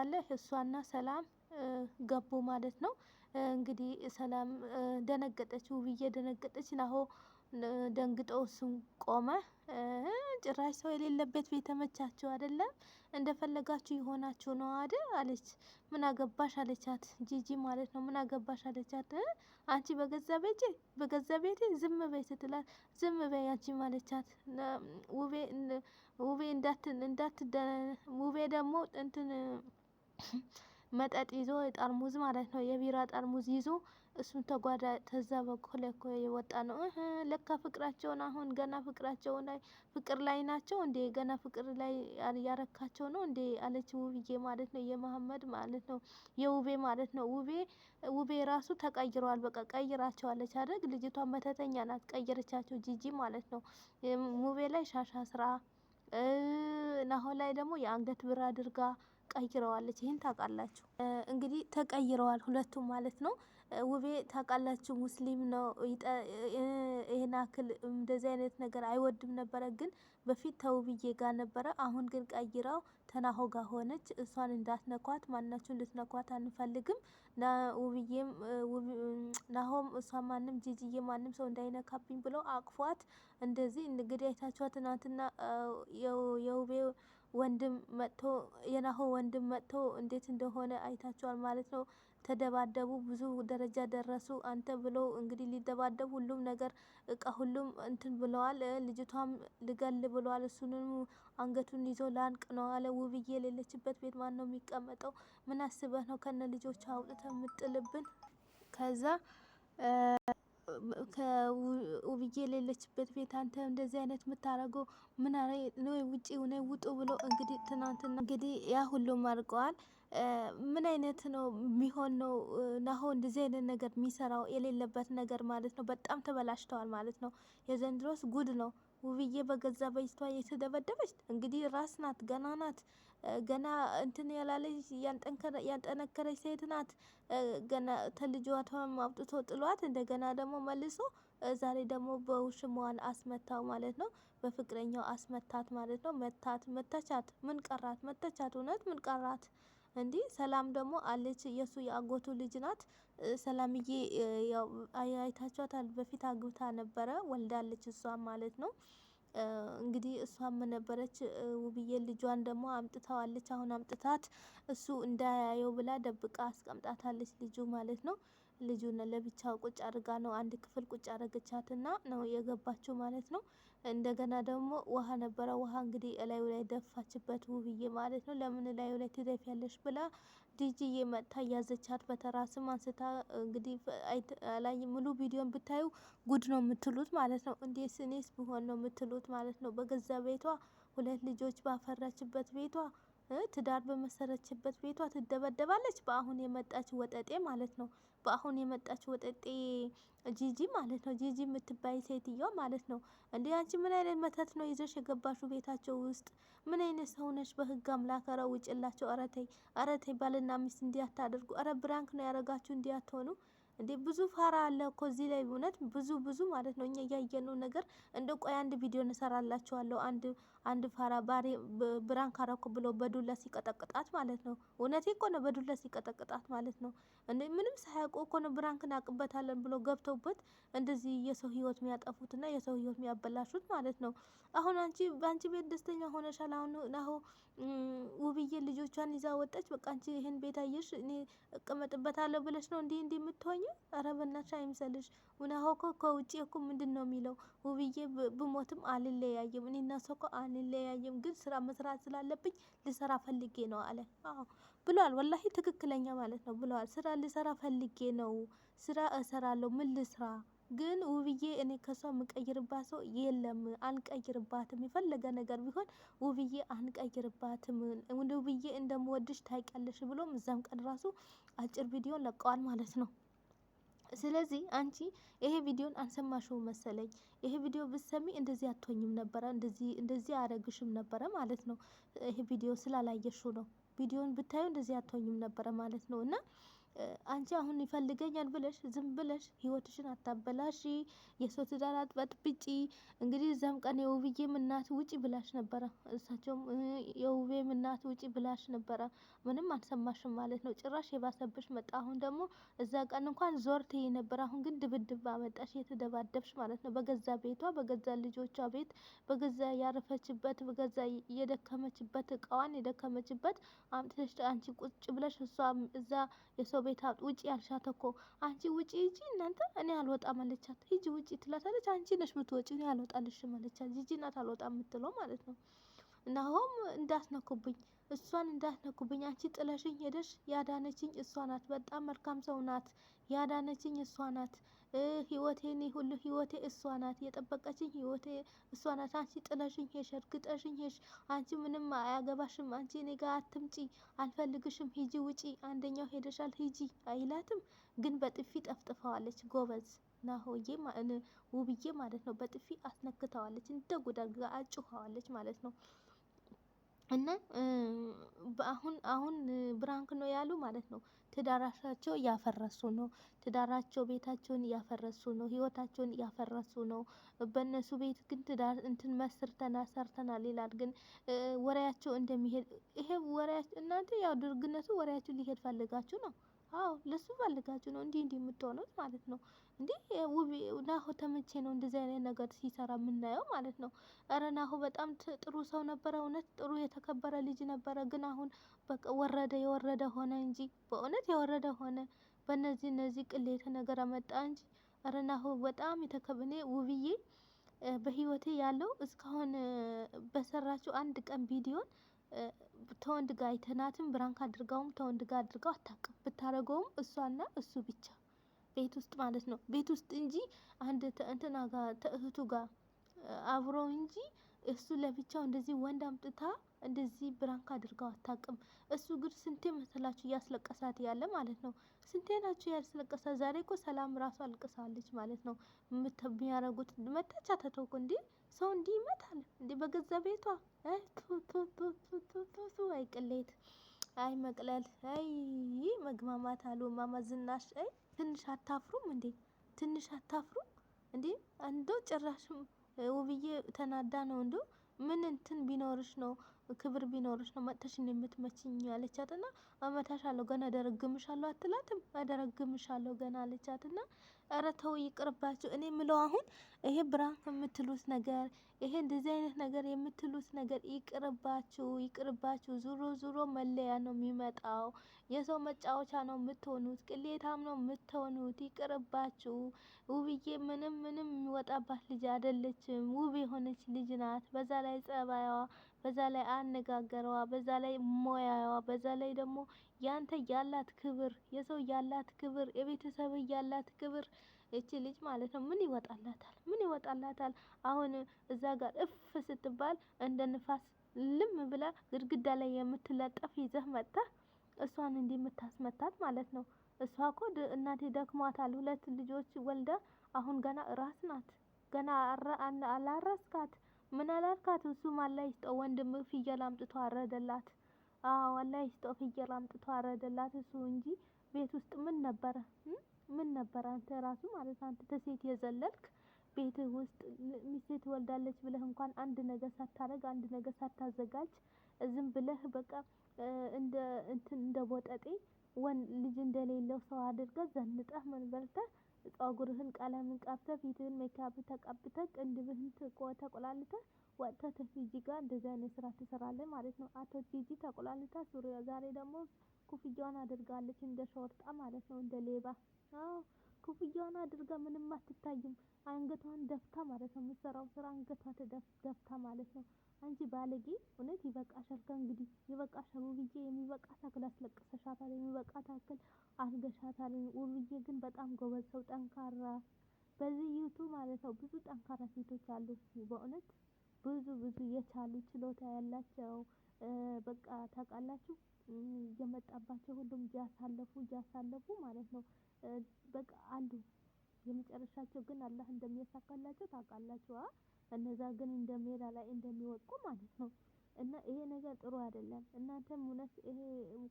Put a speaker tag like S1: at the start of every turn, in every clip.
S1: አለህ እሷና ሰላም ገቡ ማለት ነው። እንግዲህ ሰላም ደነገጠች ውብዬ ደነገጠች ናሆ ደንግጦ እሱም ቆመ። ጭራሽ ሰው የሌለበት ቤት ተመቻችሁ አይደለም እንደፈለጋችሁ የሆናችሁ ነው አደ አለች። ምን አገባሽ አለቻት ጂጂ ማለት ነው። ምን አገባሽ አለቻት። አንቺ በገዛ ቤቴ በገዛ ቤቴ ዝም በይ ስትላት ዝም በይ አንቺ ማለቻት። ውቤ ውቤ እንዳት እንዳት ውቤ ደግሞ እንትን መጠጥ ይዞ ጠርሙዝ ማለት ነው፣ የቢራ ጠርሙዝ ይዞ እሱን ተጓዳ ተዛ በኩል እኮ የወጣ ነው። ለካ ፍቅራቸውን አሁን ገና ፍቅራቸውን ላይ ፍቅር ላይ ናቸው እንዴ? ገና ፍቅር ላይ ያረካቸው ነው እንዴ? አለች ውብዬ ማለት ነው። የመሀመድ ማለት ነው የውቤ ማለት ነው። ውቤ ውቤ ራሱ ተቀይረዋል። በቃ አለች አደግ። ልጅቷ መተተኛ ናት፣ ቀይረቻቸው ጂጂ ማለት ነው። ውቤ ላይ ሻሻ ስራ ናሆ ላይ ደግሞ የአንገት ብር አድርጋ ቀይረዋለች። ይህን ታውቃላችሁ እንግዲህ ተቀይረዋል ሁለቱም ማለት ነው። ውቤ ታውቃላችሁ ሙስሊም ነው። ይህን አክል እንደዚህ አይነት ነገር አይወድም ነበረ፣ ግን በፊት ተውብዬ ጋር ነበረ። አሁን ግን ቀይረው ተናሆ ጋር ሆነች። እሷን እንዳትነኳት፣ ማናችሁ እንድትነኳት አንፈልግም። ውብዬም ናሆም፣ እሷ ማንም ጂጂዬ፣ ማንም ሰው እንዳይነካብኝ ብለው አቅፏት እንደዚህ እንግዲህ አይታችኋት ትናንትና የውቤ ወንድም መጥቶ የናሆ ወንድም መጥቶ እንዴት እንደሆነ አይታችኋል ማለት ነው። ተደባደቡ፣ ብዙ ደረጃ ደረሱ። አንተ ብሎ እንግዲህ ሊደባደቡ ሁሉም ነገር እቃ ሁሉም እንትን ብለዋል። ልጅቷም ልገል ብለዋል። እሱንም አንገቱን ይዞ ላንቅ ነው አለ። ውብዬ የሌለችበት ቤት ማን ነው የሚቀመጠው? ምን አስበህ ነው ከነ ልጆች አውጥተ የምጥልብን? ከዛ ከውብዬ የሌለችበት ቤት አንተ እንደዚህ አይነት የምታደርገው ምን ነው? ውጪ ሆነ ውጡ ብሎ እንግዲህ ትናንትና እንግዲህ ያ ሁሉም አድርገዋል። ምን አይነት ነው የሚሆን ነው ናሆ እንደዚህ አይነት ነገር የሚሰራው የሌለበት ነገር ማለት ነው። በጣም ተበላሽተዋል ማለት ነው። የዘንድሮስ ጉድ ነው። ውብዬ በገዛ በጅቷ የተደበደበች እንግዲህ ራስ ናት፣ ገና ናት፣ ገና እንትን ያላለች ያልጠነከረች ሴት ናት። ገና ተልጅዋቷም አውጥቶ ጥሏት እንደገና ደግሞ መልሶ ዛሬ ደግሞ በውሽማዋን አስመታው ማለት ነው። በፍቅረኛው አስመታት ማለት ነው። መታት መተቻት ምን ቀራት? መተቻት እውነት ምን ቀራት? እንዲህ ሰላም ደግሞ አለች። የእሱ የአጎቱ ልጅ ናት። ሰላምዬ አይታችኋታል። በፊት አግብታ ነበረ ወልዳለች፣ እሷ ማለት ነው። እንግዲህ እሷም ነበረች ውብዬ። ልጇን ደግሞ አምጥተዋለች። አሁን አምጥታት እሱ እንዳያየው ብላ ደብቃ አስቀምጣታለች፣ ልጁ ማለት ነው። ልጁን ለብቻው ቁጭ አድርጋ ነው አንድ ክፍል ቁጭ አረገቻትና ነው የገባችው ማለት ነው። እንደገና ደግሞ ውሃ ነበረ። ውሃ እንግዲህ እላዩ ላይ ደፋችበት ውብዬ ማለት ነው። ለምን እላዩ ላይ ያለች ብላ ዲጂዬ መጥታ እያዘቻት በተራስም አንስታ እንግዲህ ላይ ሙሉ ቪዲዮን ብታዩ ጉድ ነው የምትሉት ማለት ነው። እንዴት ስኔስ ብሆን ነው የምትሉት ማለት ነው። በገዛ ቤቷ ሁለት ልጆች ባፈራችበት ቤቷ ትዳር በመሰረችበት ቤቷ ትደበደባለች። በአሁን የመጣች ወጠጤ ማለት ነው። በአሁን የመጣችው ወጠጤ ጂጂ ማለት ነው። ጂጂ የምትባይ ሴትዮዋ ማለት ነው። እንዲህ አንቺ ምን አይነት መተት ነው ይዘሽ የገባሹ ቤታቸው ውስጥ? ምን አይነት ነሽ? በህግ አምላክ ረ ውጭላቸው። አረተይ አረተይ፣ ባልና ሚስት እንዲያታደርጉ አረ ብራንክ ነው ያረጋችሁ፣ እንዲያትሆኑ አትሆኑ። እንዴ ብዙ ፋራ አለ እኮ እዚህ ላይ እውነት ብዙ ብዙ ማለት ነው። እኛ እያየነው ነገር እንደ ቆይ አንድ ቪዲዮ እንሰራላችኋለሁ። አንድ አንድ ፋራ ባሬ ብራን ካረኩ ብሎ በዱላ ሲቀጠቅጣት ማለት ነው። እውነቴ እኮ ነው፣ በዱላ ሲቀጠቅጣት ማለት ነው። እንደ ምንም ሳያውቁ እኮ ነው ብራንክ እናቅበታለን ብሎ ገብተውበት እንደዚህ የሰው ህይወት የሚያጠፉት እና የሰው ህይወት የሚያበላሹት ማለት ነው። አሁን አንቺ በአንቺ ቤት ደስተኛ ሆነሻል። አሁን ውብዬ ልጆቿን ይዛ ወጣች። በቃ አንቺ ይህን ቤት አየሽ፣ እኔ እቀመጥበታለሁ ብለሽ ነው እንዲህ እንዲህ የምትሆኝ? ኧረ በናትሽ አይምሰልሽ። ምናሆ እኮ ከውጭ እኮ ምንድን ነው የሚለው ውብዬ ብሞትም አልለያይም እኔ እናሷ እኮ አንለያይም፣ ግን ስራ መስራት ስላለብኝ ልሰራ ፈልጌ ነው አለ። ብለዋል። ወላሂ ትክክለኛ ማለት ነው ብለዋል። ስራ ልሰራ ፈልጌ ነው። ስራ እሰራለሁ። ምን ልስራ ግን ውብዬ እኔ ከሷ የምቀይርባት ሰው የለም፣ አንቀይርባትም። የፈለገ ነገር ቢሆን ውብዬ አንቀይርባትም። ውብዬ እንደምወድሽ ታውቂያለሽ ብሎም እዛም ቀን ራሱ አጭር ቪዲዮ ለቀዋል ማለት ነው። ስለዚህ አንቺ ይሄ ቪዲዮን አንሰማሽው መሰለኝ። ይሄ ቪዲዮ ብሰሚ እንደዚህ አትሆኝም ነበረ፣ እንደዚህ እንደዚህ አረግሽም ነበረ ማለት ነው። ይሄ ቪዲዮ ስላላየሽው ነው። ቪዲዮን ብታዩ እንደዚህ አትሆኝም ነበረ ማለት ነው እና አንቺ አሁን ይፈልገኛል ብለሽ ዝም ብለሽ ህይወትሽን አታበላሺ፣ የሰው ትዳር አትበጥብጪ። እንግዲህ እዛም ቀን የውብዬም እናት ውጪ ብላሽ ነበረ፣ እሳቸውም የውቤም እናት ውጪ ብላሽ ነበረ። ምንም አልሰማሽም ማለት ነው። ጭራሽ የባሰብሽ መጣ። አሁን ደግሞ እዛ ቀን እንኳን ዞር ትይ ነበር፣ አሁን ግን ድብድብ አመጣሽ፣ የተደባደብሽ ማለት ነው። በገዛ ቤቷ፣ በገዛ ልጆቿ ቤት፣ በገዛ ያረፈችበት፣ በገዛ የደከመችበት፣ እቃዋን የደከመችበት አምጥተሽ አንቺ ቁጭ ብለሽ እሷ እዛ የሰው ከቤት ውጪ ያልሻት እኮ አንቺ ውጪ ሂጂ እናንተ እኔ አልወጣ መለቻት ሂጂ ውጪ ትላታለች። አንቺ ነሽ ምትወጪ እኔ አልወጣልሽም አለቻት። ጂጂ እናት አልወጣ የምትለው ማለት ነው። ናሆም እንዳትነኩብኝ፣ እሷን እንዳትነኩብኝ፣ አንቺ ጥለሽኝ ሄደሽ ያዳነችኝ እሷ ናት። በጣም መልካም ሰው ናት። ያዳነችኝ እሷ ናት። ህይወቴን ሁሉ ህይወቴ እሷ ናት። የጠበቀችኝ ህይወቴ እሷ ናት። አንቺ ጥለሽኝ ሄሽ፣ እርግጠሽኝ ሄሽ። አንቺ ምንም አያገባሽም። አንቺ እኔ ጋር አትምጪ፣ አልፈልግሽም። ሂጂ፣ ውጪ። አንደኛው ሄደሻል፣ ሂጂ አይላትም። ግን በጥፊ ጠፍጥፈዋለች። ጎበዝ ናሆዬ ውብዬ ማለት ነው። በጥፊ አስነክተዋለች። እንደ ጉዳግ አጩኸዋለች ማለት ነው። እና አሁን አሁን ብራንክ ነው ያሉ ማለት ነው። ትዳራቸው እያፈረሱ ነው። ትዳራቸው ቤታቸውን እያፈረሱ ነው። ህይወታቸውን እያፈረሱ ነው። በእነሱ ቤት ግን ትዳር እንትን መስርተና ሰርተናል ይላል። ግን ወሬያቸው እንደሚሄድ ይሄ ወሬያቸው እናንተ ያው ድርግነቱ ወሬያቸው ሊሄድ ፈልጋችሁ ነው። አዎ ለሱ ፈልጋችሁ ነው እንዲህ እንዲህ የምትሆኑት ማለት ነው። እንዲህ ውብ ናሆ ተመቼ ነው እንደዚህ አይነት ነገር ሲሰራ የምናየው ማለት ነው። እረ ናሆ በጣም ጥሩ ሰው ነበረ። እውነት ጥሩ የተከበረ ልጅ ነበረ። ግን አሁን በቃ ወረደ የወረደ ሆነ እንጂ በእውነት የወረደ ሆነ። በእነዚህ እነዚህ ቅሌት ነገር አመጣ እንጂ እረ ናሆ በጣም የተከብኔ ውብዬ በህይወቴ ያለው እስካሁን በሰራችው አንድ ቀን ቪዲዮን ተወንድ ጋር አይተናትም። ብራንክ አድርጋውም ተወንድ ጋር አድርጋው አታውቅም። ብታደርገውም እሷና እሱ ብቻ ቤት ውስጥ ማለት ነው። ቤት ውስጥ እንጂ አንድ እንትና ጋር ተእህቱ ጋር አብሮ እንጂ እሱ ለብቻው እንደዚህ ወንድ አምጥታ እንደዚህ ብራንክ አድርገው አታቅም። እሱ ግን ስንቴ መሰላችሁ እያስለቀሳት ያለ ማለት ነው። ስንቴ ናችሁ ያስለቀሳት? ዛሬ እኮ ሰላም ራሱ አልቅሳለች ማለት ነው። የሚያደርጉት መታቻ ተተውኩ እንዲ ሰው እንዲህ ይመታል እንዲ በገዛ ቤቷ ቱቱቱቱቱቱ። አይ ቅሌት፣ አይ መቅለል፣ አይ መግማማት አሉ ማማ ዝናሽ። አይ ትንሽ አታፍሩም እንዴ? ትንሽ አታፍሩም እንዴ? እንደው ጭራሽም ውብዬ ተናዳ ነው እንዶ ምን እንትን ቢኖርሽ ነው ክብር ቢኖርሽ ነው መጥተሽ የምትመችኝ አለቻት። ና አለው ገና አደረግምሻለሁ አትላትም? አደረግምሻለሁ ገና አለቻት። ና ኧረ ተው ይቅርባችሁ። እኔ ምለው አሁን ይሄ ብራንክ የምትሉት ነገር ይሄ እንደዚህ አይነት ነገር የምትሉት ነገር ይቅርባችሁ፣ ይቅርባችሁ። ዙሮ ዙሮ መለያ ነው የሚመጣው። የሰው መጫወቻ ነው የምትሆኑት፣ ቅሌታም ነው የምትሆኑት። ይቅርባችሁ። ውብዬ ምንም ምንም የሚወጣባት ልጅ አይደለችም። ውብ የሆነች ልጅ ናት። በዛ ላይ ጸባያዋ በዛ ላይ አነጋገረዋ፣ በዛ ላይ ሞያዋ፣ በዛ ላይ ደግሞ ያንተ ያላት ክብር፣ የሰው ያላት ክብር፣ የቤተሰብ ያላት ክብር እቺ ልጅ ማለት ነው ምን ይወጣላታል? ምን ይወጣላታል? አሁን እዛ ጋር እፍ ስትባል እንደ ንፋስ ልም ብላ ግድግዳ ላይ የምትለጠፍ ይዘህ መጣ እሷን እንዲህ የምታስመታት ማለት ነው። እሷ እኮ እናቴ ደክሟታል፣ ሁለት ልጆች ወልዳ አሁን ገና እራስ ናት። ገና አላረስካት ምን አላልካት? እሱም አላህ ይስጠው ወንድም ፍየል አምጥቶ አረደላት። አዎ አላህ ይስጠው ፍየል አምጥቶ አረደላት። እሱ እንጂ ቤት ውስጥ ምን ነበረ? ምን ነበረ? አንተ ራሱ ማለት አንተ ተሴት የዘለልክ ቤት ውስጥ ሚስት ወልዳለች ብለህ እንኳን አንድ ነገር ሳታረግ አንድ ነገር ሳታዘጋጅ ዝም ብለህ በቃ እንደ እንትን እንደ ቦጠጤ ወን ልጅ እንደሌለው ሰው አድርገህ ዘንጠህ ምን በልተህ ጸጉርህን ቀለምን ቀብተ ፊትህን ሜካፕ ተቀብተ ቅንድብህን ተቆላልተህ ወጥተህ ቲጂ ጋር እንደዚህ አይነት ስራ ትሰራለህ ማለት ነው። አቶ ቲጂ ተቆላልታ ሱሪ ዛሬ ደግሞ ኩፍያዋን አድርጋለች እንደ ሾርጣ ማለት ነው እንደ ሌባ። ኩፍያዋን አድርጋ ምንም አትታይም። አንገቷን ደፍታ ማለት ነው የምትሰራው ስራ አንገቷ ደፍታ ማለት ነው አንቺ ባለጌ እውነት ይበቃሻል። ከእንግዲህ ይበቃሻል። ውብዬ የሚበቃት አክል አስለቅሰሻታል። የሚበቃት አክል አስገሻታል። ውብዬ ግን በጣም ጎበዝ ሰው፣ ጠንካራ በዚህ ዩቱ ማለት ነው። ብዙ ጠንካራ ሴቶች አሉ በእውነት ብዙ ብዙ የቻሉ ችሎታ ያላቸው በቃ ታውቃላችሁ፣ እየመጣባቸው ሁሉም እያሳለፉ እያሳለፉ ማለት ነው። በቃ አሉ የመጨረሻቸው ግን አላህ እንደሚያሳካላቸው ታውቃላችሁ። እነዛ ግን እንደ ሜዳ ላይ እንደሚወድቁ ማለት ነው። እና ይሄ ነገር ጥሩ አይደለም። እናንተም እውነት ይሄ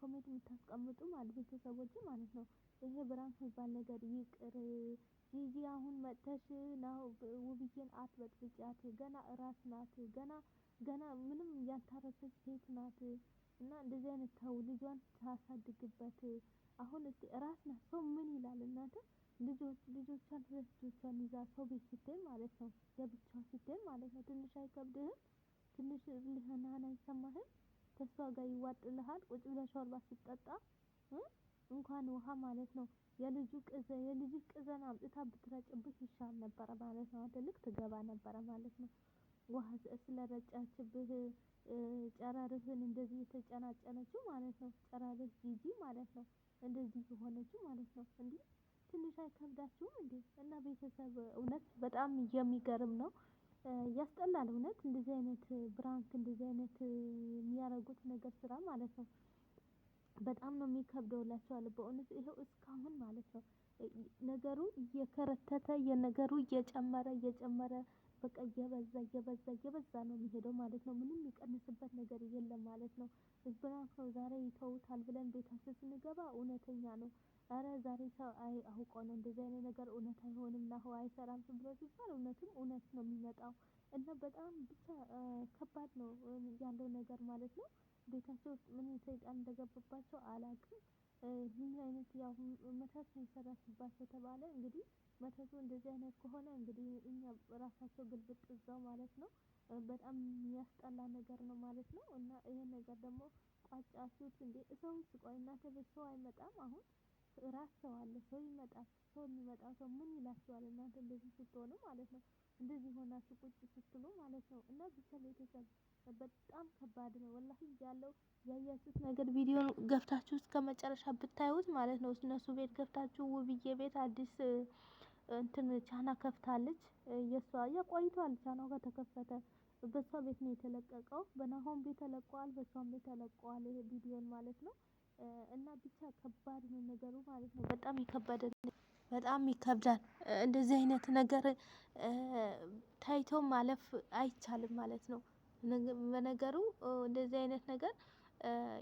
S1: ኮሜንት የምታስቀምጡ ማለት ቤተሰቦች ማለት ነው ይሄ ብራንክ የሚባል ነገር ይቅር። ጂጂ አሁን መጥተሽ ናው ውብዬን አትበጥብጫት። ገና እራስ ናት። ገና ገና ምንም ያልታረሰች ሴት ናት። እና እንደዚህ አይነት ተው ልጇን ታሳድግበት። አሁን እራስ ናት ሰው ምን ይላል እናንተ ልጆች ልጆቿን ሁለት ልጆቿን ይዛ ሰው ቤት ስትሄድ ማለት ነው፣ ለብቻዋ ስትሄድ ማለት ነው። ትንሽ አይከብድህም? ትንሽ ልህናህን አይሰማህም? ከእሷ ጋር ይዋጥልሃል። ቁጭ ብለህ ሾርባ ስትጠጣ እንኳን ውሃ ማለት ነው የልጁ ቅዘ የልጁ ቅዘን አምጥታ ብትረጭብህ ይሻል ነበረ ማለት ነው። አንተ ልክ ትገባ ነበረ ማለት ነው። ውሃ ስለረጫችብህ ጨረርህን እንደዚህ የተጨናጨነችው ማለት ነው። ጨረርህ ጂጂ ማለት ነው። እንደዚህ የሆነችው ማለት ነው። እንዲህ ትንሽ አይከብዳችሁም እንዴ? እና ቤተሰብ እውነት በጣም የሚገርም ነው። ያስጠላል እውነት እንደዚህ አይነት ብራንክ እንደዚህ አይነት የሚያደርጉት ነገር ስራ ማለት ነው። በጣም ነው የሚከብደው እላቸዋለሁ በእውነት ይኸው እስካሁን ማለት ነው ነገሩ እየከረተተ የነገሩ እየጨመረ እየጨመረ በቃ እየበዛ እየበዛ እየበዛ ነው የሚሄደው ማለት ነው። ምንም የሚቀንስበት ነገር የለም ማለት ነው። ብራንክ ነው ዛሬ ይተውታል ብለን ቤታችን ስንገባ እውነተኛ ነው። ኧረ ዛሬ ሰው አይ አውቆ ነው እንደዚህ አይነት ነገር እውነት አይሆንም ናሆ አይሰራም ብሎ ሲባል እውነትም እውነት ነው የሚመጣው እና በጣም ብቻ ከባድ ነው ያለው ነገር ማለት ነው። ቤታቸው ውስጥ ምን ሰይጣን እንደገባባቸው አላውቅም። ምን አይነት ያው መተት ነው የሰራችባቸው ተባለ። እንግዲህ መተቱ እንደዚህ አይነት ከሆነ እንግዲህ እኛ ራሳቸው ግልብጥ እዛው ማለት ነው። በጣም የሚያስጠላ ነገር ነው ማለት ነው። እና ይህን ነገር ደግሞ ቋጫ እንዴ እዛው ውስጥ እናንተ ቤት ሰው አይመጣም አሁን ራስ ሰው አለ ሰው ይመጣል ሰው የሚመጣው ሰው ምን ይላቸዋል እናንተ እንደዚህ ስትሆኑ ማለት ነው እንደዚህ ሆናችሁ ቁጭ ስትሉ ማለት ነው እና ብቻ ቤተሰብ በጣም ከባድ ነው ወላሂ ያለው ያያችሁት ነገር ቪዲዮን ገብታችሁ እስከ መጨረሻ ብታዩት ማለት ነው እነሱ ቤት ገብታችሁ ውብዬ ቤት አዲስ እንትን ቻና ከፍታለች የሷ የቆይቷል ቻናው ከተከፈተ በሷ ቤት ነው የተለቀቀው በናሆም ቤት ተለቀዋል በእሷም ቤት ተለቀዋል ይሄ ቪዲዮን ማለት ነው እና ብቻ ከባድ ነው ነገሩ ማለት ነው። በጣም የከበደ በጣም ይከብዳል። እንደዚህ አይነት ነገር ታይቶ ማለፍ አይቻልም ማለት ነው። በነገሩ እንደዚህ አይነት ነገር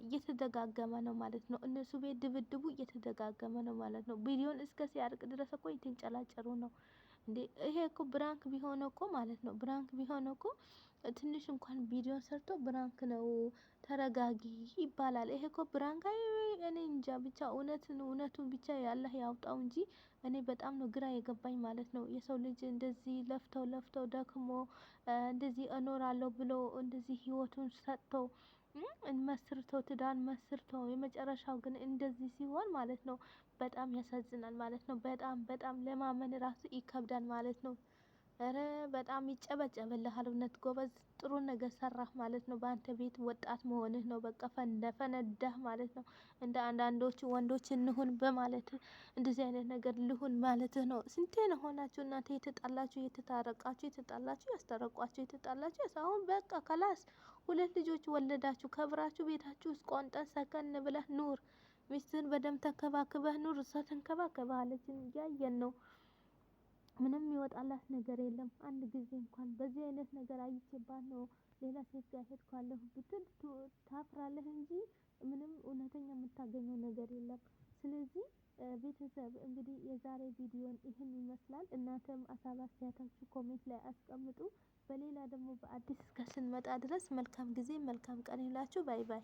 S1: እየተደጋገመ ነው ማለት ነው። እነሱ ቤት ድብድቡ እየተደጋገመ ነው ማለት ነው። ቪዲዮን እስከ ሲያርቅ ድረስ እኮ የተንጨላጨሩ ነው እንዴ! ይሄ እኮ ብራንክ ቢሆን እኮ ማለት ነው ብራንክ ቢሆን እኮ ትንሽ እንኳን ቪዲዮን ሰርቶ ብራንክ ነው ተረጋጊ ይባላል። ይሄ እኮ ብራንክ እኔ እንጃ ብቻ እውነትን እውነቱን ብቻ ያለህ ያውጣው እንጂ እኔ በጣም ነው ግራ የገባኝ ማለት ነው። የሰው ልጅ እንደዚህ ለፍተው ለፍተው ደክሞ እንደዚህ እኖራለሁ ብሎ እንደዚህ ህይወቱን ሰጥቶ መስርቶ ትዳን መስርቶ የመጨረሻው ግን እንደዚህ ሲሆን ማለት ነው በጣም ያሳዝናል ማለት ነው። በጣም በጣም ለማመን ራሱ ይከብዳል ማለት ነው። ኧረ በጣም ይጨበጨብልሃል። እውነት ጎበዝ፣ ጥሩ ነገር ሰራህ ማለት ነው። በአንተ ቤት ወጣት መሆንህ ነው። በቃ ፈነዳህ ማለት ነው። እንደ አንዳንዶቹ ወንዶች እንሁን በማለት እንደዚህ አይነት ነገር ልሁን ማለትህ ነው። ስንቴ ነው ሆናችሁ እናንተ የተጣላችሁ፣ የተታረቃችሁ፣ የተጣላችሁ፣ ያስታረቋችሁ፣ የተጣላችሁ። አሁን በቃ ከላስ ሁለት ልጆች ወለዳችሁ፣ ከብራችሁ፣ ቤታችሁ ውስጥ ቆንጠን ሰከን ብለህ ኑር። ሚስትህን በደንብ ተንከባክበህ ኑር። እሷ ተንከባከባለች፣ እያየን ነው ምንም ይወጣላት ነገር የለም። አንድ ጊዜ እንኳን በዚህ አይነት ነገር አይቼባት ነው ሌላ ሴት ጋር ሄድኳለሁ ብትል ታፍራለህ እንጂ ምንም እውነተኛ የምታገኘው ነገር የለም። ስለዚህ ቤተሰብ እንግዲህ የዛሬ ቪዲዮን ይህን ይመስላል። እናንተም ሀሳብ አስተያየታችሁ ኮሜንት ላይ አስቀምጡ። በሌላ ደግሞ በአዲስ እስከ ስንመጣ ድረስ መልካም ጊዜ መልካም ቀን ይላችሁ። ባይ ባይ።